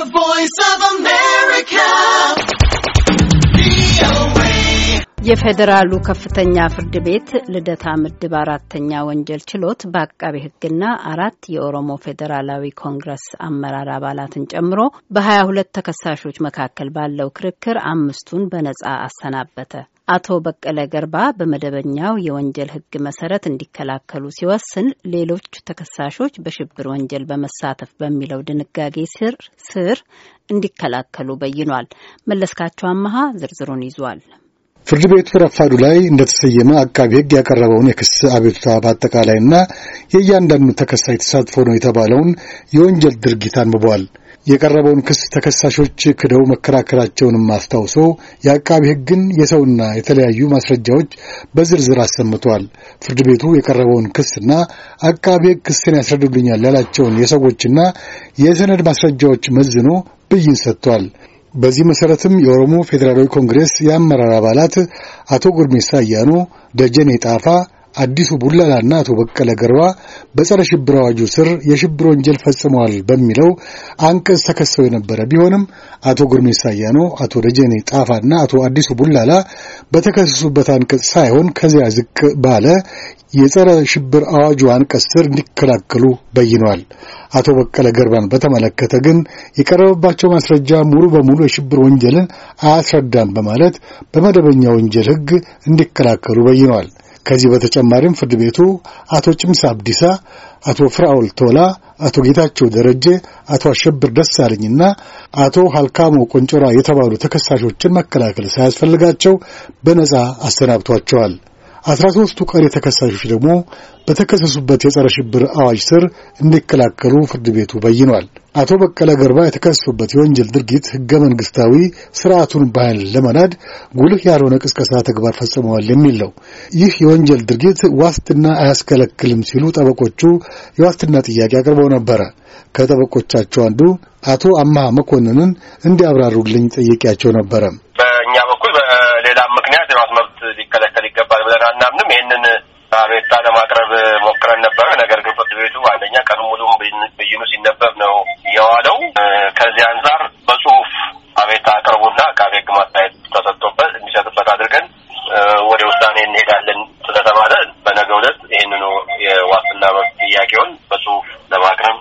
The Voice of America. የፌዴራሉ ከፍተኛ ፍርድ ቤት ልደታ ምድብ አራተኛ ወንጀል ችሎት በአቃቤ ሕግና አራት የኦሮሞ ፌዴራላዊ ኮንግረስ አመራር አባላትን ጨምሮ በሀያ ሁለት ተከሳሾች መካከል ባለው ክርክር አምስቱን በነጻ አሰናበተ። አቶ በቀለ ገርባ በመደበኛው የወንጀል ሕግ መሰረት እንዲከላከሉ ሲወስን ሌሎች ተከሳሾች በሽብር ወንጀል በመሳተፍ በሚለው ድንጋጌ ስር ስር እንዲከላከሉ በይኗል። መለስካቸው አመሃ ዝርዝሩን ይዟል። ፍርድ ቤቱ ረፋዱ ላይ እንደተሰየመ አቃቢ ሕግ ያቀረበውን የክስ አቤቱታ በአጠቃላይና የእያንዳንዱ ተከሳሽ ተሳትፎ ነው የተባለውን የወንጀል ድርጊት አንብቧል። የቀረበውን ክስ ተከሳሾች ክደው መከራከራቸውንም አስታውሶ የአቃቢ ሕግን የሰውና የተለያዩ ማስረጃዎች በዝርዝር አሰምቷል። ፍርድ ቤቱ የቀረበውን ክስና አቃቢ ሕግ ክስን ያስረዱልኛል ያላቸውን የሰዎችና የሰነድ ማስረጃዎች መዝኖ ብይን ሰጥቷል። በዚህ መሠረትም የኦሮሞ ፌዴራላዊ ኮንግሬስ የአመራር አባላት አቶ ጉርሜሳ አያኖ፣ ደጀኔ ጣፋ አዲሱ ቡላላና አቶ በቀለ ገርባ በጸረ ሽብር አዋጁ ስር የሽብር ወንጀል ፈጽመዋል በሚለው አንቀጽ ተከሰው የነበረ ቢሆንም አቶ ጉርሜሳ አያኖ፣ አቶ ደጀኔ ጣፋና አቶ አዲሱ ቡላላ በተከሰሱበት አንቀጽ ሳይሆን ከዚያ ዝቅ ባለ የጸረ ሽብር አዋጁ አንቀጽ ስር እንዲከላከሉ በይኗል። አቶ በቀለ ገርባን በተመለከተ ግን የቀረበባቸው ማስረጃ ሙሉ በሙሉ የሽብር ወንጀልን አያስረዳም በማለት በመደበኛ ወንጀል ሕግ እንዲከላከሉ በይኗል። ከዚህ በተጨማሪም ፍርድ ቤቱ አቶ ጭምስ አብዲሳ፣ አቶ ፍራውል ቶላ፣ አቶ ጌታቸው ደረጀ፣ አቶ አሸብር ደሳለኝና አቶ ሀልካሞ ቆንጮራ የተባሉ ተከሳሾችን መከላከል ሳያስፈልጋቸው በነጻ አሰናብቷቸዋል። አስራ ሦስቱ ቀሪ ተከሳሾች ደግሞ በተከሰሱበት የጸረ ሽብር አዋጅ ስር እንዲከላከሉ ፍርድ ቤቱ በይኗል። አቶ በቀለ ገርባ የተከሰሱበት የወንጀል ድርጊት ህገ መንግስታዊ ስርዓቱን በኃይል ለመናድ ጉልህ ያልሆነ ቅስቀሳ ተግባር ፈጽመዋል የሚል ነው። ይህ የወንጀል ድርጊት ዋስትና አያስከለክልም ሲሉ ጠበቆቹ የዋስትና ጥያቄ አቅርበው ነበረ። ከጠበቆቻቸው አንዱ አቶ አማሃ መኮንንን እንዲያብራሩልኝ ጠይቄያቸው ነበረ። ይህንን አቤቱታ ለማቅረብ ሞክረን ነበረ። ነገር ግን ፍርድ ቤቱ አንደኛ ቀኑ ሙሉ ብይኑ ሲነበብ ነው የዋለው። ከዚህ አንጻር በጽሁፍ አቤቱታ አቅርቡና አቃቤ ሕግ ማስተያየት ተሰጥቶበት እንዲሰጥበት አድርገን ወደ ውሳኔ እንሄዳለን ስለተባለ በነገ ዕለት ይህንኑ የዋስትና መብት ጥያቄውን በጽሁፍ ለማቅረብ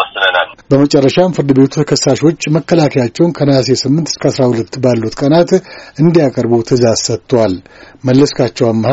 ወስነናል። በመጨረሻም ፍርድ ቤቱ ተከሳሾች መከላከያቸውን ከነሐሴ ስምንት እስከ አስራ ሁለት ባሉት ቀናት እንዲያቀርቡ ትእዛዝ ሰጥቷል። መለስካቸው አምሃ